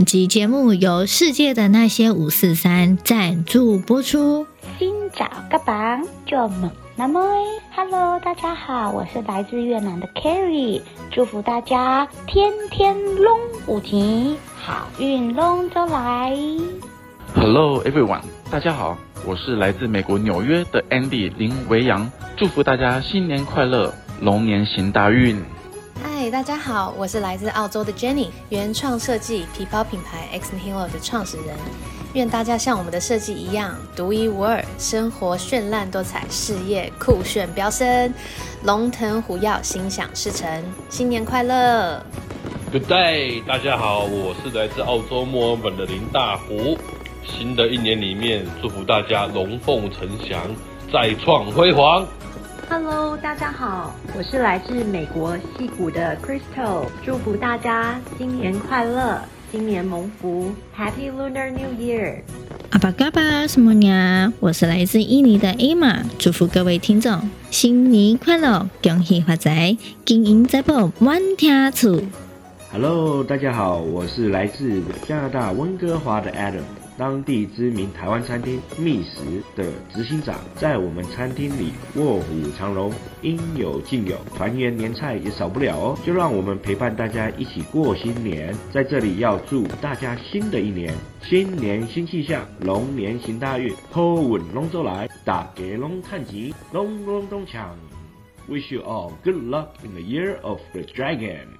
本集節目由世界的那些五四三贊助播出。新找個榜，做猛，難妹。Hello，大家好，我是來自越南的 Kerry，祝福大家天天龍舞吉，好運龍舟來。Hello everyone，大家好，我是來自美國紐約的 Andy 林維陽，祝福大家新年快樂，龍年行大運。大家好，我是來自澳洲的 Jenny，原創設計皮包品牌 Xenhiro 的創始人。願大家像我們的設計一樣獨一無二，生活絢爛多彩，事業酷炫飆升，龍騰虎躍，心想事成，新年快樂！Good day，大家好，我是來自澳洲墨爾本的林大湖。新的一年裡面，祝福大家龍鳳呈祥，再創輝煌。Hello，大家好，我是來自美國矽谷的 Crystal，祝福大家新年快樂，新年蒙福，Happy Lunar New Year。阿巴嘎巴斯莫尼，我是來自印尼的 Emma，祝福各位聽眾新年快樂，恭喜發財，金銀財寶滿天出。Hello，大家好，我是來自加拿大溫哥華的 Adam。當地知名台灣餐廳覓食的執行長，在我們餐廳裡臥虎藏龍，應有盡有，團圓年菜也少不了哦。就讓我們陪伴大家一起過新年，在這裡要祝大家新的一年，新年新氣象，龍年行大運，偷穩龍舟來，打個龍探吉，龍龍龍鏘。Wish you all good luck in the year of the dragon.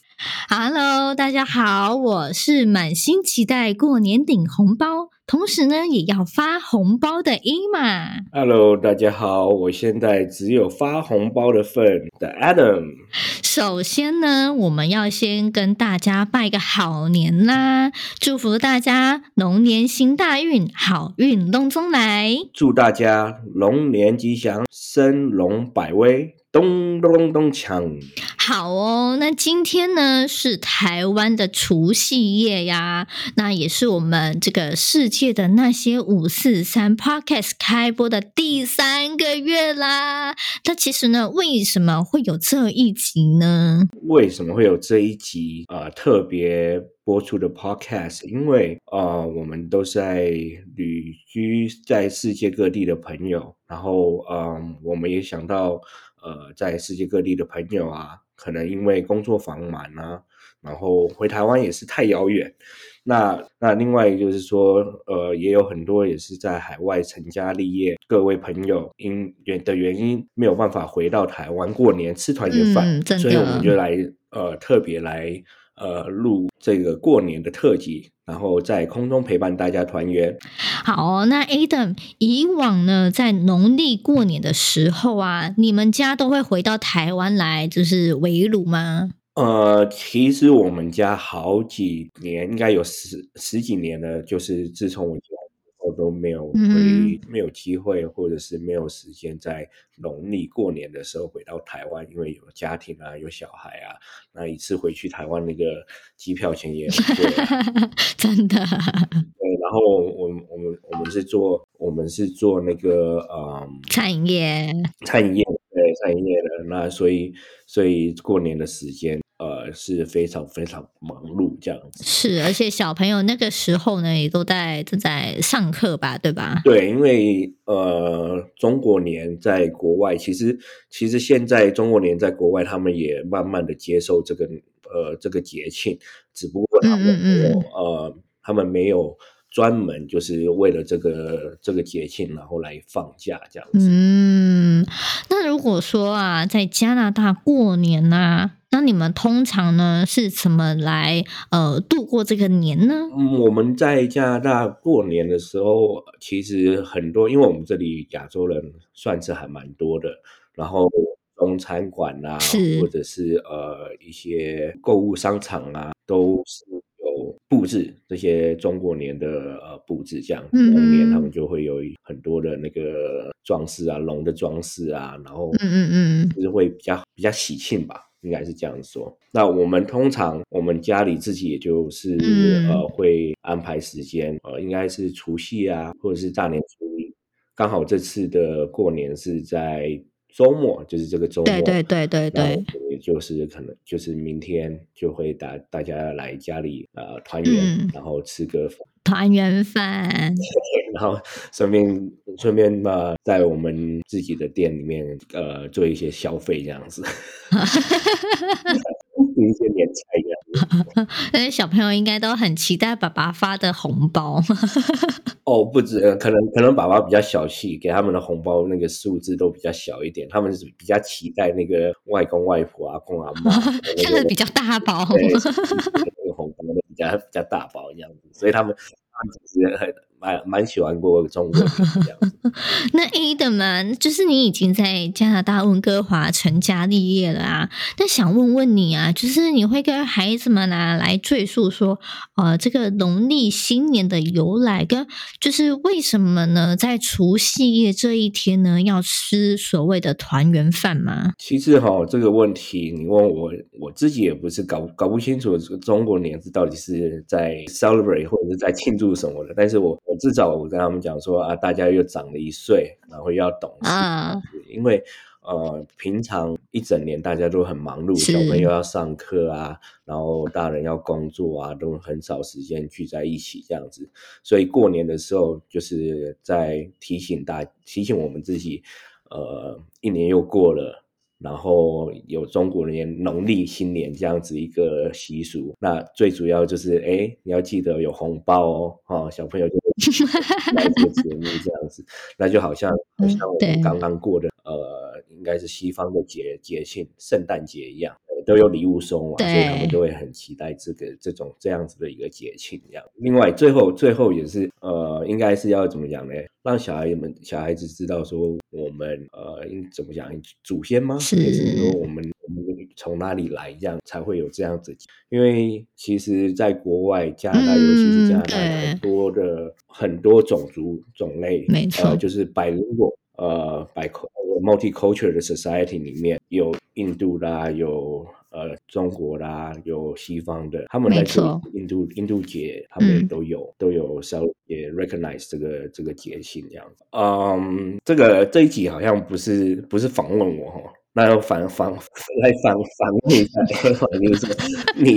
Hello，大家好，我是滿心期待過年領紅包，同時呢也要發紅包的 Emma。Hello，大家好，我現在只有發紅包的份的 Adam。首先呢，我們要先跟大家拜個好年啦，祝福大家龍年行大運，好運龍重來。祝大家龍年吉祥，生龍百威。咚咚咚咚鏘！好哦，那今天呢是台灣的除夕夜呀，那也是我們這個世界的那些五四三 Podcast 開播的第三個月啦。那其實呢，為什麼會有這一集呢？為什麼會有這一集？啊、呃、特別播出的 Podcast，因為啊、呃、我們都在旅居在世界各地的朋友，然後嗯、呃，我們也想到。呃，在世界各地的朋友啊，可能因為工作繁忙啊，然後回台灣也是太遙遠。那那另外就是說，呃，也有很多也是在海外成家立業，各位朋友因原的原因沒有辦法回到台灣過年吃團圓飯，嗯，所以我們就來呃特別來。呃，錄這個過年的特輯，然後在空中陪伴大家團圓。好哦，那 Adam，以往呢，在農曆過年的時候啊，你們家都會回到台灣來，就是圍爐嗎？呃，其實我們家好幾年，應該有十十幾年了，就是自從我我都沒有回，沒有機會，或者是沒有時間在農曆過年的時候回到台灣，因為有家庭啊，有小孩啊。那一次回去台灣，那個機票錢也很多， 真的。對，然後我我們我們我們是做我們是做那個、呃、餐飲業餐飲業對餐飲業的那所以所以過年的時間。呃，是非常非常忙碌這樣子，是，而且小朋友那個時候呢，也都在正在上課吧，對吧？對，因為呃，中國年在國外，其實其實現在中國年在國外，他們也慢慢的接受這個呃這個節慶，只不過他們嗯嗯嗯呃他們沒有專門就是為了這個這個節慶然後來放假這樣子。嗯。如果說啊，在加拿大過年吶、啊，那你們通常呢是怎麼來呃度過這個年呢？嗯，我們在加拿大過年的時候，其實很多，因為我們這裡亞洲人算是還蠻多的，然後中餐館啊，或者是呃一些購物商場啊，都是。佈置這些中國年的呃佈置，這樣龍年他們就會有很多的那個裝飾啊，龍的裝飾啊，然後嗯嗯嗯，就是會比較比較喜慶吧，應該是這樣說。那我們通常我們家裡自己也就是呃會安排時間，呃應該是除夕啊，或者是大年初一，剛好這次的過年是在。週末就是這個週末，對對對對對，也就是可能就是明天就會大大家來家裡呃團圓、嗯，然後吃個團圓飯，然後順便順便呢、呃、在我們自己的店裡面呃做一些消費這樣子，一些年菜。哈哈哈，那些小朋友應該都很期待爸爸發的紅包哈哈哈，哦，不止，可能可能爸爸比較小氣，給他們的紅包那個數字都比較小一點，他們是比較期待那個外公外婆阿公阿媽， 像個比較大包， 那個紅包都比較比較大包這樣子，所以他們，他們是很蠻蠻喜歡過中國的 那 A 的嘛，就是你已經在加拿大溫哥華成家立業了啊。那想問問你啊，就是你會跟孩子們呢來贅述說，呃，這個農曆新年的由來跟就是為什麼呢？在除夕夜這一天呢，要吃所謂的團圓飯嗎？其實哈、哦，這個問題你問我，我自己也不是搞搞不清楚中國年是到底是在 celebrate 或者是在慶祝什麼的，但是我。至少我跟他們講說啊，大家又長了一歲，然後又要懂事，uh. 因為呃，平常一整年大家都很忙碌，小朋友要上課啊，然後大人要工作啊，都很少時間聚在一起這樣子，所以過年的時候就是在提醒大，提醒我們自己，呃，一年又過了。然後有中國人年農曆新年這樣子一個習俗，那最主要就是哎，你要記得有紅包哦，哈、哦，小朋友就會來這個節目這樣子， 那就好像好像我們剛剛過的、嗯、呃，應該是西方的節節慶，聖誕節一樣。都有禮物送嘛，啊，所以他們都會很期待這個這種這樣子的一個節慶。這樣，另外最後最後也是呃，應該是要怎麼講呢？讓小孩們小孩子知道說，我們呃，應怎麼講，祖先嗎？是，也是說我們從哪裡來，這樣才會有這樣子。因為其實，在國外加拿大，尤其是加拿大，很多的、嗯、很多種族種類，呃，就是白人多。呃，by multicultural society 裡面有印度啦，有呃中國啦，有西方的。他們的沒錯，印度印度節他們都有，嗯、都有稍微也 recognize 這個這個節慶這樣子。嗯、um,，這個這一集好像不是不是訪問我，那要反反來反訪問一下。反反反反 就是說，你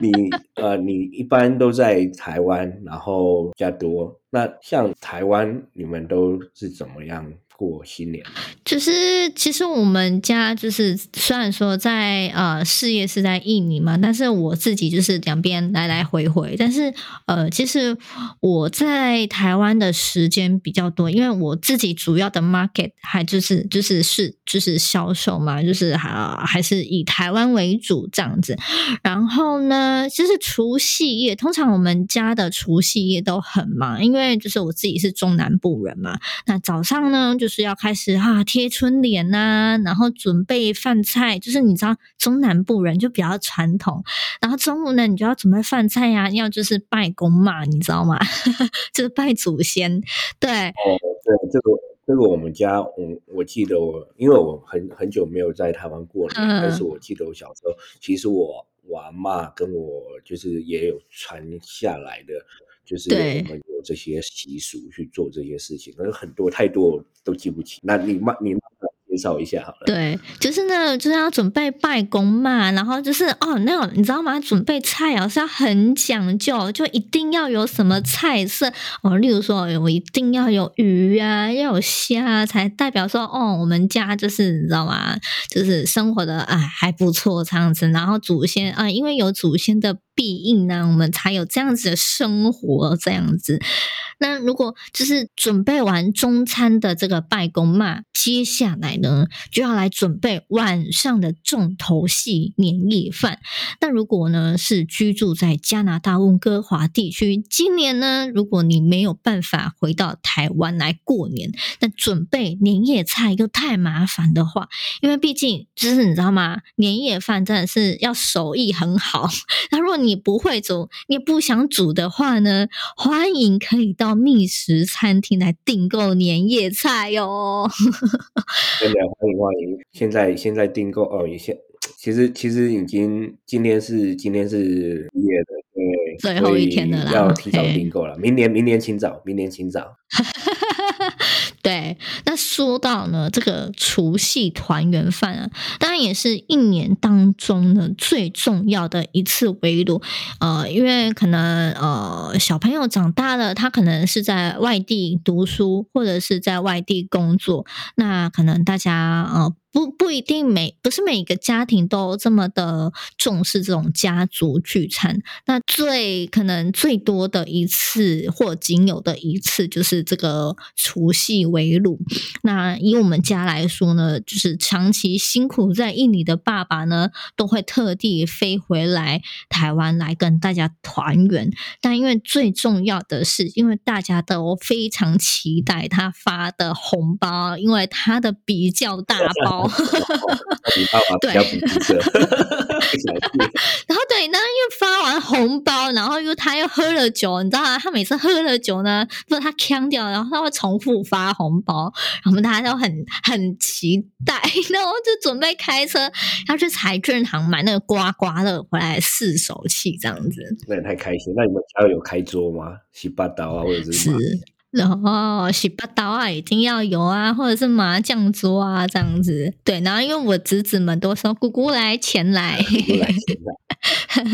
你呃，你一般都在台灣，然後比較多。那像台灣，你們都是怎麼樣？過新年就是，其實我們家就是，雖然說在呃事業是在印尼嘛，但是我自己就是兩邊來來回回，但是呃其實我在台灣的時間比較多，因為我自己主要的 market 還就是就是、就是就是銷售嘛，就是還、啊、還是以台灣為主這樣子。然後呢，就是除夕夜，通常我們家的除夕夜都很忙，因為就是我自己是中南部人嘛，那早上呢就。就是要開始啊，貼春聯吶、啊，然後準備飯菜，就是你知道中南部人就比較傳統，然後中午呢，你就要準備飯菜呀、啊，要就是拜公嘛，你知道嗎？ 就是拜祖先。對、呃、對，這個這個我們家，我我記得我，因為我很很久沒有在台灣過年、嗯，但是我記得我小時候，其實我我阿嬤跟我就是也有傳下來的就是。對。這些習俗去做這些事情，可是很多太多都記不起。那你慢，你慢，介紹一下好了。對，就是呢，就是要準備拜公嘛，然後就是哦，那種你知道嗎？準備菜哦、啊、是要很講究，就一定要有什麼菜色哦，例如說，我一定要有魚啊，要有蝦、啊，才代表說哦，我們家就是你知道嗎？就是生活的哎還不錯，這樣子。然後祖先啊、呃，因為有祖先的。必應呢、啊，我們才有這樣子的生活，這樣子。那如果就是準備完中餐的這個拜公媽，接下來呢，就要來準備晚上的重頭戲——年夜飯。那如果呢是居住在加拿大溫哥華地區，今年呢，如果你沒有辦法回到台灣來過年，那準備年夜菜又太麻煩的話，因為畢竟就是你知道嗎，年夜飯真的是要手藝很好。那如果你你不會煮，你不想煮的話呢，歡迎可以到覓食餐廳來訂購年夜菜哦。真的，歡迎歡迎！現在現在訂購哦，也現其實其實已經今天是今天是一月的最後一天了，要提早訂購了，Okay。明年明年請早，明年請早。 對，那說到呢，這個除夕團圓飯啊，當然也是一年當中呢最重要的一次圍爐。呃，因為可能呃小朋友長大了，他可能是在外地讀書或者是在外地工作，那可能大家呃。不不一定每，不是每一個家庭都這麼的重視這種家族聚餐。那最可能最多的一次或僅有的一次就是這個除夕圍爐。那以我們家來說呢，就是長期辛苦在印尼的爸爸呢，都會特地飛回來台灣來跟大家團圓。但因為最重要的是，因為大家都非常期待他發的紅包，因為他的比較大包。 然後對呢，那因為發完紅包，然後又他又喝了酒，你知道嗎、啊？他每次喝了酒呢，被他嗆掉，然後他會重複發紅包，然後大家都很很期待，然後就準備開車要去彩券行買那個刮刮樂回來試手氣，這樣子。那也太開心！那你們家有開桌嗎？洗八刀啊，或者是？是然後洗把刀啊，一定要有啊，或者是麻將桌啊，這樣子。對，然後因為我侄子們都說姑姑來，來，、啊、來， 前來， 來，來，前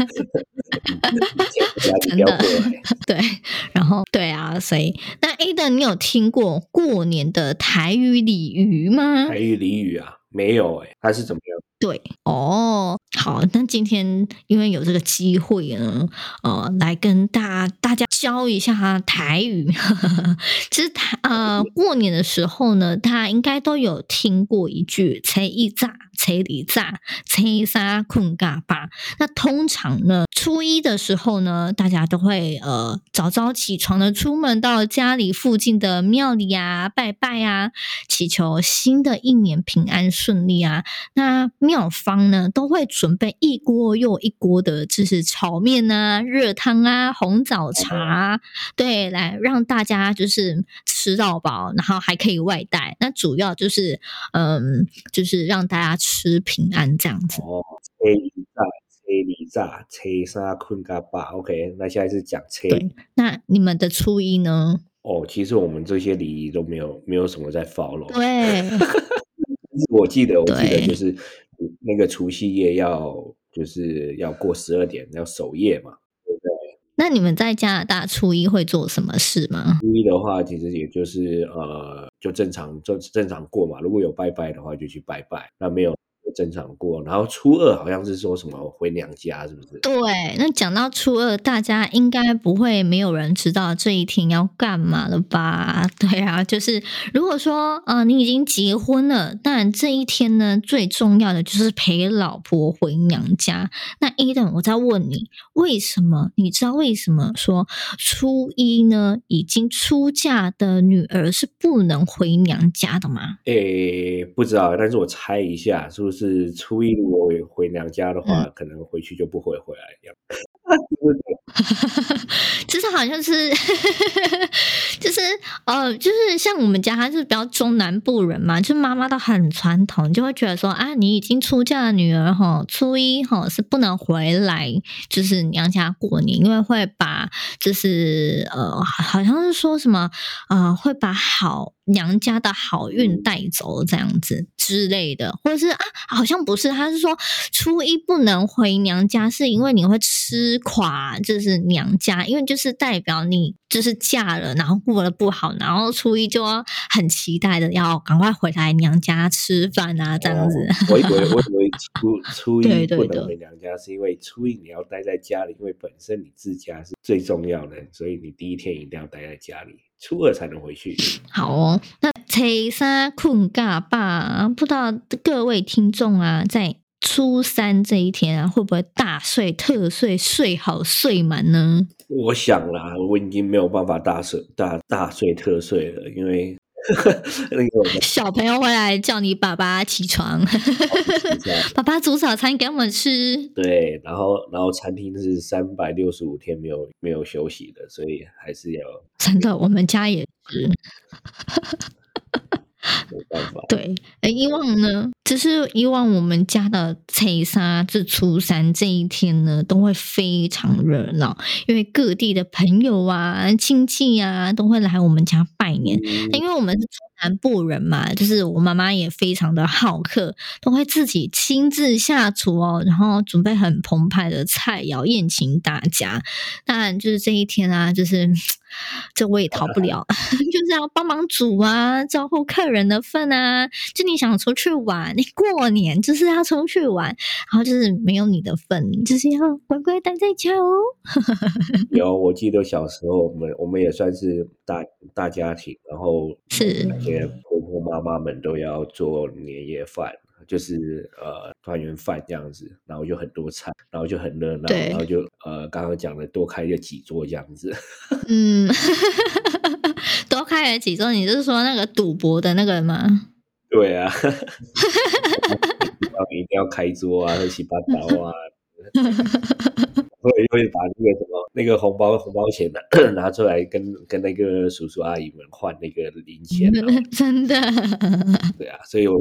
來，真的。對，然後對啊，所以那 Aiden 你有聽過過年的台語俚語嗎？台語俚語啊，沒有誒、欸，它是怎麼樣？對哦，好，那今天因為有這個機會呢，呃，來跟大家大家教一下台語。 其實台呃，過年的時候呢，大家應該都有聽過一句“才藝炸”。初一早、初三睏甲飽。那通常呢，初一的時候呢，大家都會呃早早起床呢，出門到家裡附近的廟裡啊拜拜啊，祈求新的一年平安順利啊。那廟方呢都會準備一鍋又一鍋的，就是炒麵啊、熱湯啊、紅棗茶、啊，對，來讓大家就是吃到飽，然後還可以外帶。那主要就是嗯，就是讓大家。吃平安這樣子哦。車禮炸，車禮炸，車沙坤嘎巴，OK。那下一次講車。對，那你們的初一呢？哦，其實我們這些禮儀都沒有，沒有什麼在 follow。對， 我記得，我記得就是那個除夕夜要就是要過十二點要守夜嘛。那你們在加拿大初一會做什麼事嗎？初一的話，其實也就是呃，就正常正正常過嘛。如果有拜拜的話，就去拜拜。那沒有。正常過，然後初二好像是說什麼回娘家，是不是？對，那講到初二，大家應該不會沒有人知道這一天要幹嘛了吧？對啊，就是如果說啊、呃，你已經結婚了，但這一天呢，最重要的就是陪老婆回娘家。那 Edan，我再問你，為什麼？你知道為什麼說初一呢？已經出嫁的女兒是不能回娘家的嗎？誒、欸，不知道，但是我猜一下，是不是？是初一，我回娘家的話，可能回去就不會回來這樣、嗯。 就是好像是， 就是呃，就是像我們家，還是比較中南部人嘛，就媽、是、媽都很傳統，就會覺得說啊，你已經出嫁的女兒哈，初一哈是不能回來，就是娘家過年，因為會把就是呃，好像是說什麼啊、呃，會把好。娘家的好運帶走這樣子之類的，或者是啊，好像不是，他是說初一不能回娘家，是因為你會吃垮，就是娘家，因為就是代表你就是嫁了，然後過得不好，然後初一就要很期待的要趕快回來娘家吃飯啊這樣子、哦。我 初初一不能回娘家，對對對，是因為初一你要待在家裡，對對對，因為本身你自家是最重要的，所以你第一天一定要待在家裡，初二才能回去。好哦，那初三困覺吧。不知道各位聽眾啊，在初三這一天啊，會不會大睡特睡，睡好睡滿呢？我想啦，我已經沒有辦法大睡大大睡特睡了，因為。 小朋友回來叫你爸爸起床， 爸爸煮早餐給我們吃。對，然後然後餐廳是三百六十五天沒有沒有休息的，所以還是要真的，我們家也是。 對，欸，以往呢，就是以往我們家的初三就初三這一天呢，都會非常熱鬧，因為各地的朋友啊、親戚啊，都會來我們家拜年。因為我們是中南部人嘛，就是我媽媽也非常的好客，都會自己親自下廚哦，然後準備很澎湃的菜餚宴請大家。當然就是這一天啊，就是。這我也逃不了， 就是要幫忙煮啊，招呼客人的份啊。就你想出去玩，你過年就是要出去玩，然後就是沒有你的份，就是要乖乖待在家哦。 有，我記得小時候，我們我們也算是大大家庭，然後是那些婆婆媽媽們都要做年夜飯。就是呃團圓飯這樣子，然後就很多菜，然後就很熱鬧，然後就呃剛剛講的多開了幾桌這樣子。嗯，多開了幾桌，你就是說那個賭博的那個人嗎？對啊， 一定要開桌啊，亂七八糟啊。 會會把那個什麼那個紅包紅包錢拿，拿出來跟跟那個叔叔阿姨們換那個零錢。啊真，真的？對啊，所以我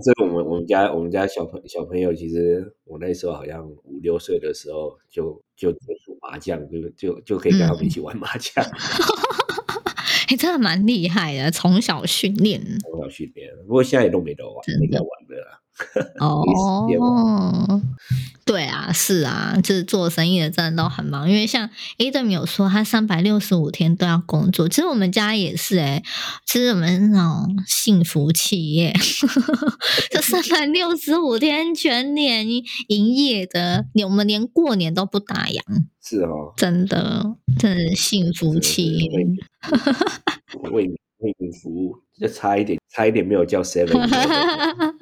所以我們我們家我們家小朋小朋友，其實我那時候好像五六歲的時候就就接觸麻將，就就就，就可以跟他們一起玩麻將，也、嗯 欸、真的蠻厲害的，從小訓練，從小訓練。不過現在也都沒得玩，沒得玩的啦 哦。 對啊，是啊，就是做生意的真的都很忙，因為像 Adam 有說他三百六十五天都要工作。其實我們家也是哎、欸，其實我們那種幸福企業，這三百六十五天全年營業的，我們連過年都不打烊。是哦，真的，真是幸福企業。 為你為你服務，就差一點，差一點沒有叫 Seven。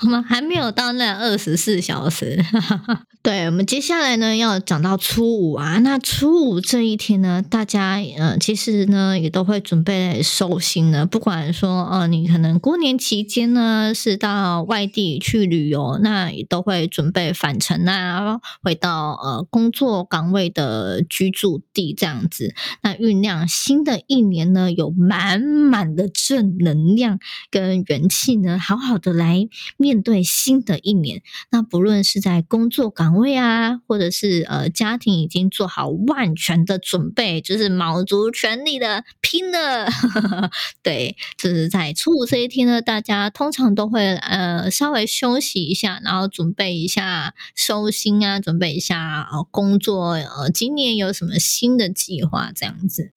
我們還沒有到那二十四小時， 對，我們接下來呢要講到初五啊。那初五這一天呢，大家呃其實呢也都會準備收心了。不管說呃，你可能過年期間呢是到外地去旅遊，那也都會準備返程啊，回到呃工作崗位的居住地這樣子。那醞釀新的一年呢，有滿滿的正能量跟元氣呢，好好的來。面對新的一年，那不論是在工作崗位啊，或者是呃家庭，已經做好萬全的準備，就是卯足全力的拼了。 對，就是在初五這一天呢，大家通常都會呃稍微休息一下，然後準備一下收心啊，準備一下呃工作，呃，今年有什麼新的計劃這樣子。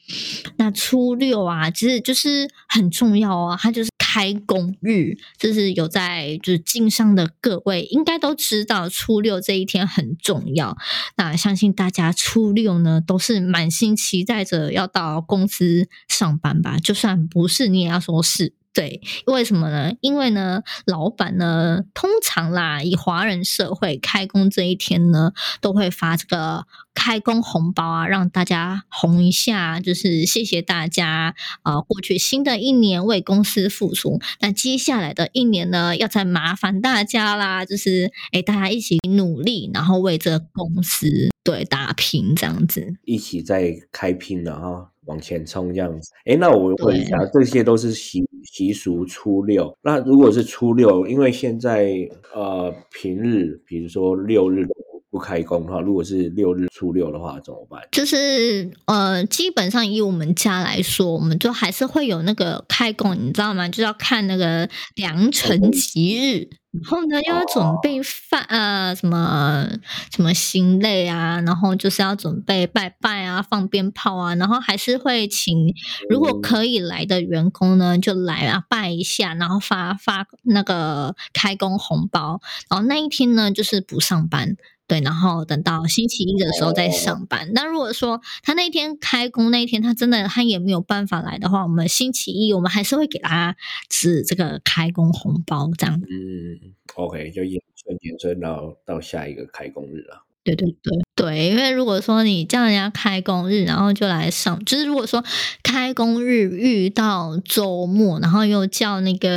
那初六啊，其實就是很重要啊，它就是。開工日就是有在就是經商的各位應該都知道初六這一天很重要，那相信大家初六呢都是滿心期待着要到公司上班吧，就算不是你也要說是。對，為什麼呢？因為呢，老闆呢，通常啦，以華人社會開工這一天呢，都會發這個開工紅包啊，讓大家紅一下，就是謝謝大家啊，呃、過去新的一年為公司付出，那接下來的一年呢，要再麻煩大家啦，就是哎，大家一起努力，然後為這個公司對打拼這樣子，一起在開拼了、哦往前衝這樣子，誒、欸，那我問一下，這些都是習習俗初六？那如果是初六，因為現在呃平日，比如說六日。不開工的話，如果是六日初六的話怎麼辦？就是呃，基本上以我們家來說，我們就還是會有那個開工，你知道嗎？就要看那個良辰吉日，oh. 然後呢又要準備飯、oh. 呃，什麼什麼心累啊，然後就是要準備拜拜啊，放鞭炮啊，然後還是會請如果可以來的員工呢就來啊拜一下，然後發發那個開工紅包，然後那一天呢就是不上班。對，然後等到星期一的時候再上班。哦，那如果說他那天開工那一天他真的他也沒有辦法來的話，我們星期一我們還是會給他寄這個開工紅包，這樣。嗯，OK，就延春迎春，到下一個開工日了。對對對。對，因為如果說你叫人家開工日，然後就來上，就是如果說開工日遇到周末，然後又叫那個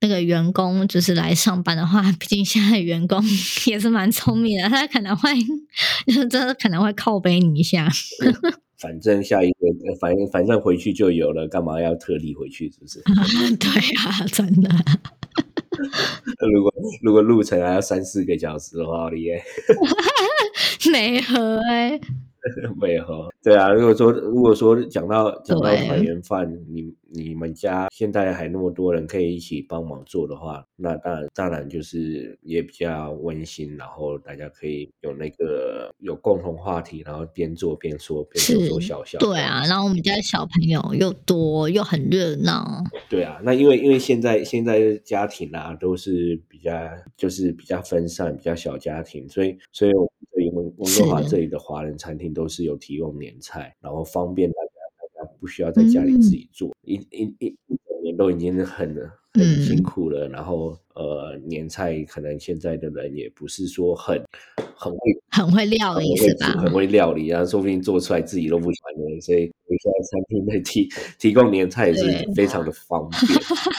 那個員工就是來上班的話，畢竟現在員工也是蠻聰明的，他可能會就是真的可能會靠背你一下。 反正下一個，反正反正回去就有了，幹嘛要特地回去？是不是？啊、對呀、啊，真的。 如果如果路程還要三四個小時的話，耶，沒 喝、 欸。哎。沒 有。對啊。如果說如果說講到講到團圓飯，你你們家現在還那麼多人可以一起幫忙做的話，那當然當然就是也比較溫馨，然後大家可以有那個有共同話題，然後邊做邊說邊說笑笑。對啊，然後我們家的小朋友又多又很熱鬧。對啊，那因為因為現在現在家庭啦、啊、都是比較就是比較分散，比較小家庭，所以所以。我。溫哥華這裡的華人餐廳都是有提供年菜，然後方便大家，大家不需要在家裡自己做。嗯、一一一一整年都已經很很辛苦了，嗯、然後呃，年菜可能現在的人也不是說很很會很會料理會是吧？很會料理啊，說不定做出來自己都不喜歡的人。所以我現在餐廳在提提供年菜也是非常的方便。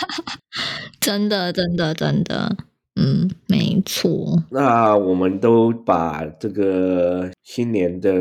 真的，真的，真的。嗯，沒錯。那我們都把這個新年的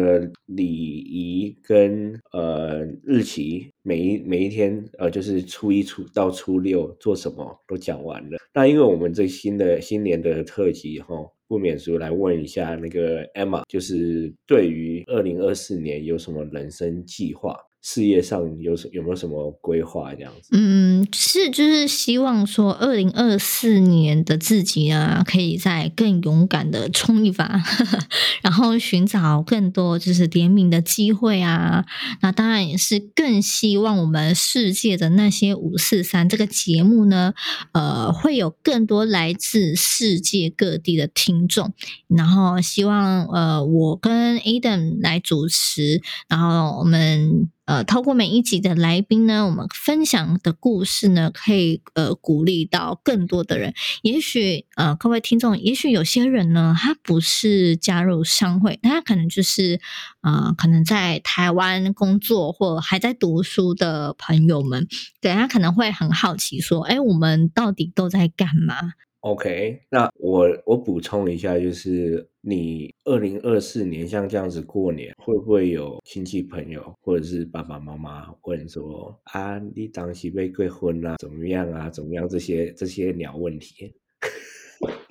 禮儀跟呃、日期，每一每一天呃、就是初一初到初六做什麼都講完了。那因為我們這新的新年的特輯哈，不免俗來問一下那個 Emma，就是對於二零二四年有什麼人生計劃？事業上有什麼有沒有什麼規劃這樣子？嗯，是就是希望說，二零二四年的自己啊，可以再更勇敢的衝一发， 然後尋找更多就是聯名的機會啊。那當然也是更希望我們世界的那些五四三這個節目呢，呃，會有更多來自世界各地的聽眾。然後希望呃，我跟 Adam 來主持，然後我們。呃，透過每一集的來賓呢，我們分享的故事呢，可以呃鼓勵到更多的人。也許呃，各位聽眾，也許有些人呢，他不是加入商會，他可能就是呃，可能在台灣工作或還在讀書的朋友們，對他可能會很好奇，說，哎、欸，我們到底都在幹嘛？OK，那我我補充一下，就是你二零二四年像這樣子過年，會不會有親戚朋友或者是爸爸媽媽問說啊，你當時被鬼婚啦，怎麼樣啊，怎麼樣這些這些鳥問題？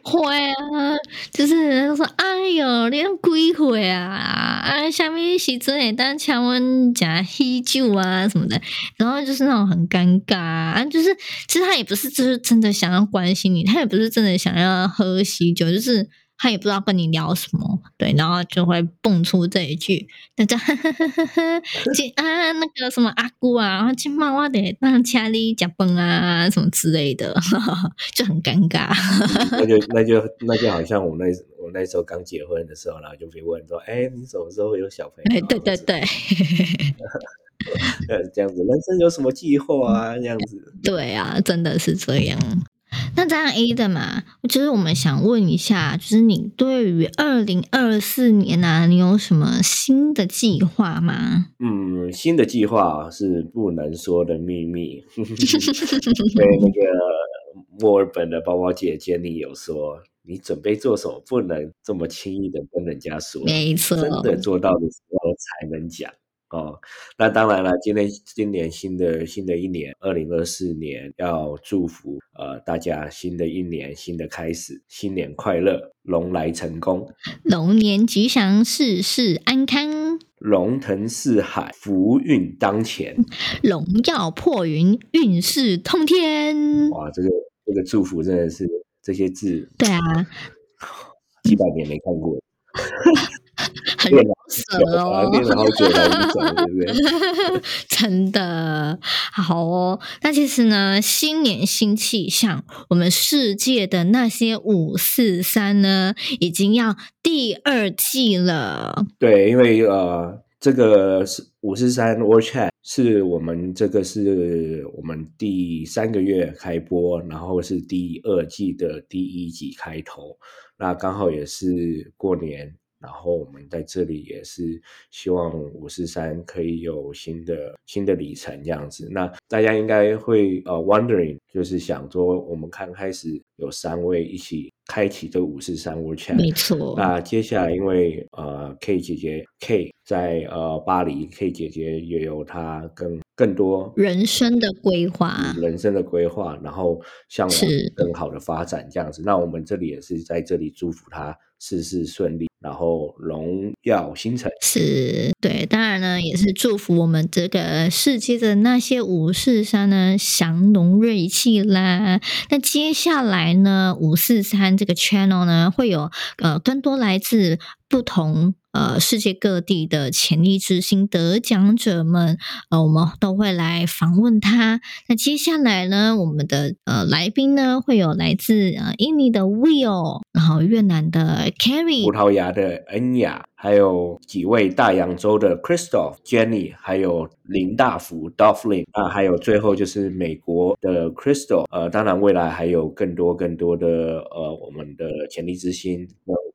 會 啊，就是人家說：“哎呦，你幾歲啊？啊，啥物時陣會當請我吃喜酒啊？什麼的。”然後就是那種很尷尬啊，就是其實他也不是就是真的想要關心你，他也不是真的想要喝喜酒，就是。他也不知道跟你聊什麼，對，然後就會蹦出這一句，大家 啊，那個什麼阿姑啊，然後媽，媽哇的，那家裡加班啊，什麼之類的，呵呵就很尷尬、 嗯。那就那就那就好像我那我那時候剛結婚的時候，然後就被問說，哎、欸，你什麼時候有小朋友、啊？哎、欸，對對對， 這樣子，人生有什麼計劃啊？這樣子。對啊，真的是這樣。那這樣 A 的嘛，就是我們想問一下，就是你對於二零二四年呢、啊，你有什麼新的計劃嗎？嗯，新的計劃是不能說的秘密。被 那個墨爾本的包包姐姐姐你有說，你準備做什麼？不能這麼輕易的跟人家說。沒錯，真的做到的時候才能講。哦，那當然了。今天，今年新的新的一年，二零二四年，要祝福呃大家新的一年新的開始，新年快樂，龍來成功，龍年吉祥，事事安康，龍騰四海，福運當前，龍耀破雲，運勢通天。哇，這個這個祝福真的是這些字，對啊，幾百年沒看過。 很老舍哦，練了好久了， 真的好哦。那其實呢，新年新氣象，我們世界的那些五四三呢，已經要第二季了。對，因為呃，這個是五四三 World Chat 是我們這個是我們第三個月開播，然後是第二季的第一集開頭，那剛好也是過年。然後我們在這裡也是希望五四三可以有新的新的里程這樣子。那大家應該會呃 wondering，就是想說我們剛開始有三位一起開啟這個五四三 world chat，沒錯。那接下來因為呃 K 姐姐 K 在呃巴黎，K 姐姐也有她更更多人生的規劃、嗯，人生的規劃，然後嚮往更好的發展這樣子。那我們這裡也是在這裡祝福她事事順利。然後榮耀星辰是，對，當然呢，也是祝福我們這個世界的那些543呢，祥龍瑞氣啦。那接下來呢，543這個 channel 呢會有呃更多來自不同。呃，世界各地的潛力之星得獎者們，呃，我們都會來訪問他。那接下來呢，我們的呃來賓呢，會有來自呃印尼的 Will，然後越南的 Carrie，葡萄牙的恩雅，還有幾位大洋洲的 Christoph、Jenny，還有林大福 Dolphin，啊，還有最後就是美國的 Crystal。呃，當然未來還有更多更多的呃，我們的潛力之星。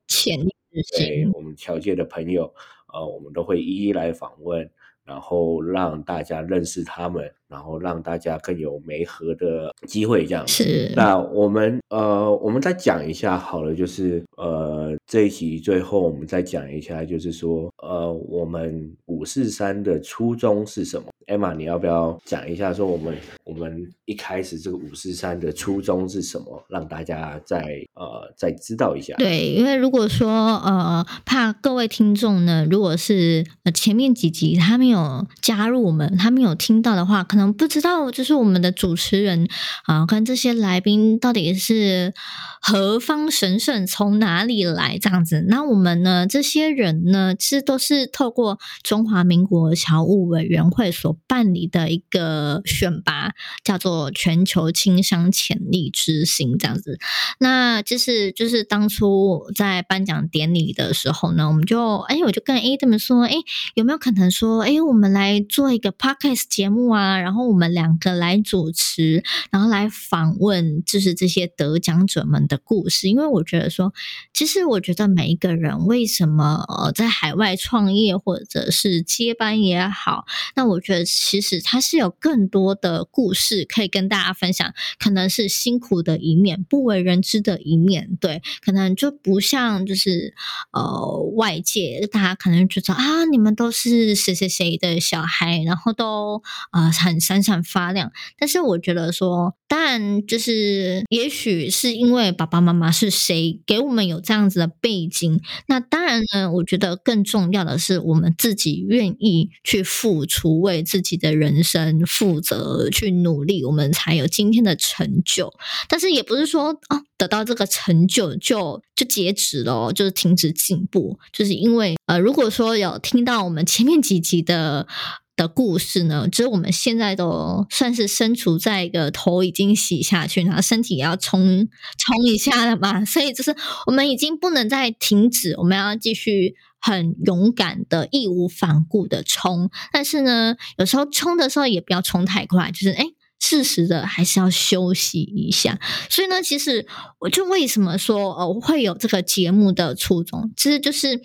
潛力。對我們僑界的朋友，呃，我們都會一一來訪問，然後讓大家認識他們，然後讓大家更有媒合的機會，這樣。是。那我們呃，我們再講一下好了，就是呃，這一集最後我們再講一下，就是說呃，我們五四三的初衷是什麼？Emma，你要不要講一下？說我們。我們一開始這個五四三的初衷是什麼？讓大家再呃再知道一下。對，因為如果說呃怕各位聽眾呢，如果是前面幾集他沒有加入我們，他沒有聽到的話，可能不知道就是我們的主持人啊、呃、跟這些來賓到底是何方神聖，從哪裡來這樣子。那我們呢，這些人呢，其實都是透過中華民國僑務委員會所辦理的一個選拔。叫做全球僑商潛力之星這樣子，那就是就是當初在頒獎典禮的時候呢，我們就哎、欸、我就跟 Adam 說，哎、欸、有沒有可能說，哎、欸、我們來做一個 podcast 節目啊，然後我們兩個來主持，然後來訪問就是這些得獎者們的故事，因為我覺得說，其實我覺得每一個人為什麼呃在海外創業或者是接班也好，那我覺得其實他是有更多的故事。不是可以跟大家分享，可能是辛苦的一面，不為人知的一面。對，可能就不像就是呃外界大家可能覺得啊，你們都是誰誰誰的小孩，然後都呃很閃閃發亮。但是我覺得說，當然就是也許是因為爸爸媽媽是誰給我們有這樣子的背景。那當然呢，我覺得更重要的是我們自己願意去付出，為自己的人生負責去。努力，我們才有今天的成就。但是也不是說哦，得到這個成就就就截止了，就是停止進步。就是因為呃，如果說有聽到我們前面幾集的。的故事呢，只是我們現在都算是身處在一個頭已經洗下去，然後身體也要沖沖一下了嘛。所以就是我們已經不能再停止，我們要繼續很勇敢的、義無反顧的衝。但是呢，有時候衝的時候也不要衝太快，就是哎。誒適時的還是要休息一下，所以呢，其實我就為什麼說呃我會有這個節目的初衷，其實就是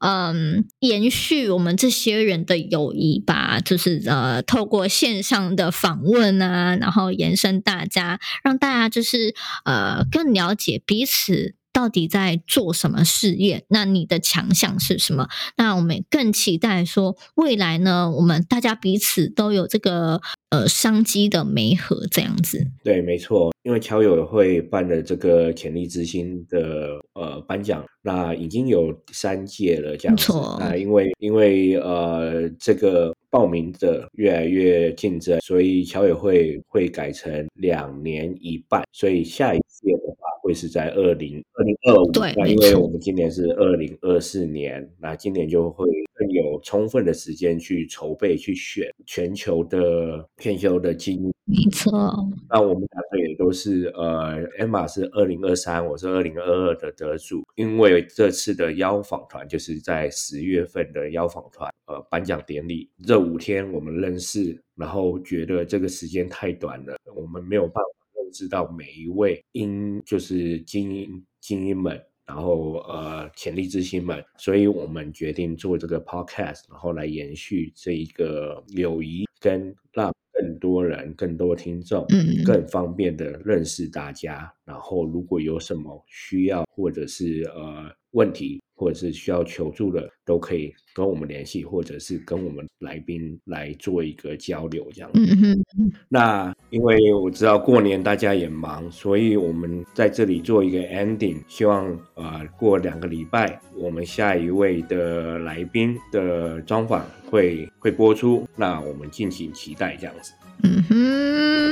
嗯延續我們這些人的友誼吧，就是呃透過線上的訪問啊，然後延伸大家，讓大家就是呃更了解彼此到底在做什麼事業，那你的強項是什麼？那我們更期待說未來呢，我們大家彼此都有這個。呃，商機的媒合這樣子，對，沒錯。因為僑委會辦了這個潛力之星的呃頒獎，那已經有三屆了，這樣子啊。因為因為呃，這個報名的越來越競爭，所以僑委會會，會改成兩年一辦。所以下一屆的話，會是在二零二零二五。對，那因為我們今年是二零二四年，那今年就會有充分的時間去籌備、去選全球的、全球的精英，沒錯。那我們兩個也都是，呃，Emma 是二零二三，我是二零二二的得主。因為這次的邀訪團就是在十月份的邀訪團，呃，頒獎典禮這五天我們認識，然後覺得這個時間太短了，我們沒有辦法認識到每一位英就是精英精英們。然後呃，潛力之星們，所以我們決定做這個 podcast，然後來延續這一個友誼，跟讓更多人、更多聽眾更方便的認識大家。然後，如果有什麼需要，或者是呃。問題或者是需要求助的都可以跟我們聯繫，或者是跟我們來賓來做一個交流這樣子。嗯哼。那因為我知道過年大家也忙，所以我們在這裡做一個 ending。希望啊，呃，過兩個禮拜我們下一位的來賓的專訪會會播出，那我們敬請期待這樣子。嗯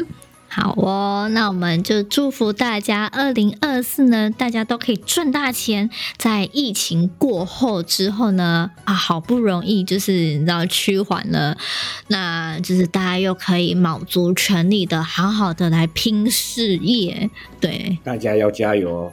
哼。好哦，那我們就祝福大家，二零二四呢，大家都可以賺大錢。在疫情過後之後呢，啊，好不容易就是你知道趨緩了，那就是大家又可以卯足全力的，好好的來拼事業。對，大家要加油哦。